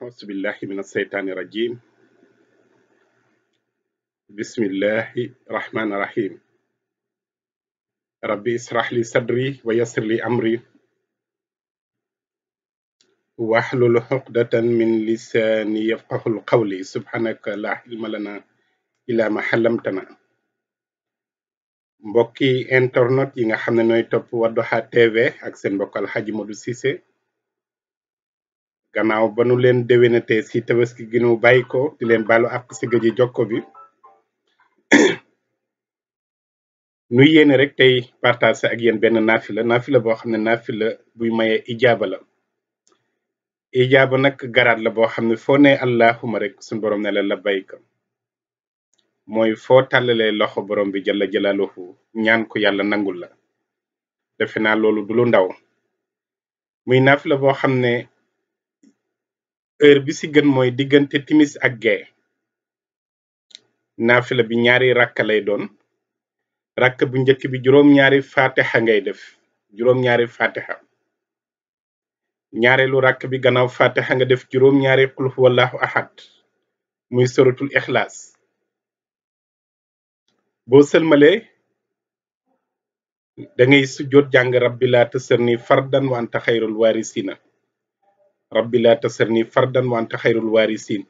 أعوذ بالله من الشيطان الرجيم بسم الله الرحمن الرحيم ربي اشرح لي صدري ويسر لي أمري واحلل عقدة من لساني يفقه القول سبحانك لا علم لنا إلا ما علمتنا مبوكي انترنت yi nga xam ne nooy topp Wadduha TV ak seen mbokk Alxaaji Modou gannaaw ba nu leen na déwénatee si tabaski gi nu bàyyi di leen baalu àq si gëji jokko bi nu yéene rek tey partage ak yéen benn naafi la naafi la boo xam ne naafi la buy maye ijaaba la ijaaba nag garaat la boo xam ne foo ne allahuma rek suñu borom ne la labbayka mooy foo tàllalee loxo boroom bi jalla jalaaluhu ñaan ko yàlla nangul la defe naa loolu du lu ndaw muy naafila boo xam ne heure bi si gën mooy diggante timis ak gee naafila bi ñaari ràkk lay doon rakk bu njëkk bi juróom-ñaari fatiha def juróom ñaareelu rakk bi gannaaw fatiha nga def juróom-ñaari qul huwallahu ahad muy suratul ixlaas boo sëlmalee dangay ngay sujjoot jàng rabbi laa tasarni fardan wa anta xayrul waarisina rabbi laa tasarni fardan wante xayrul waarisiin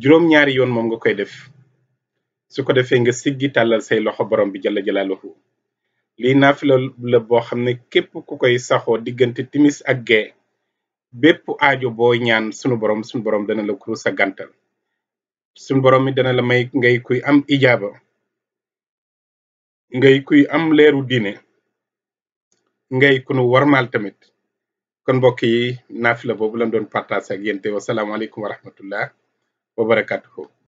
juróom-ñaari yoon moom nga koy def su ko defee nga siggi tàllal say loxo borom bi jalla jalaaluhu lii naafila la boo xam ne képp ku koy saxoo diggante timis ak gee bépp aajo boo ñaan sunu borom sunu borom dana la kuru sa gàntal sunu borom mi dana la may ngay kuy am ijaaba ngay kuy am leeru diine ngay kunu warmaal tamit kon mbokk yi naafila boobu lañ doon partage ak yéen te wasalaamaaleykum wa rahmatullah wa barakatuhu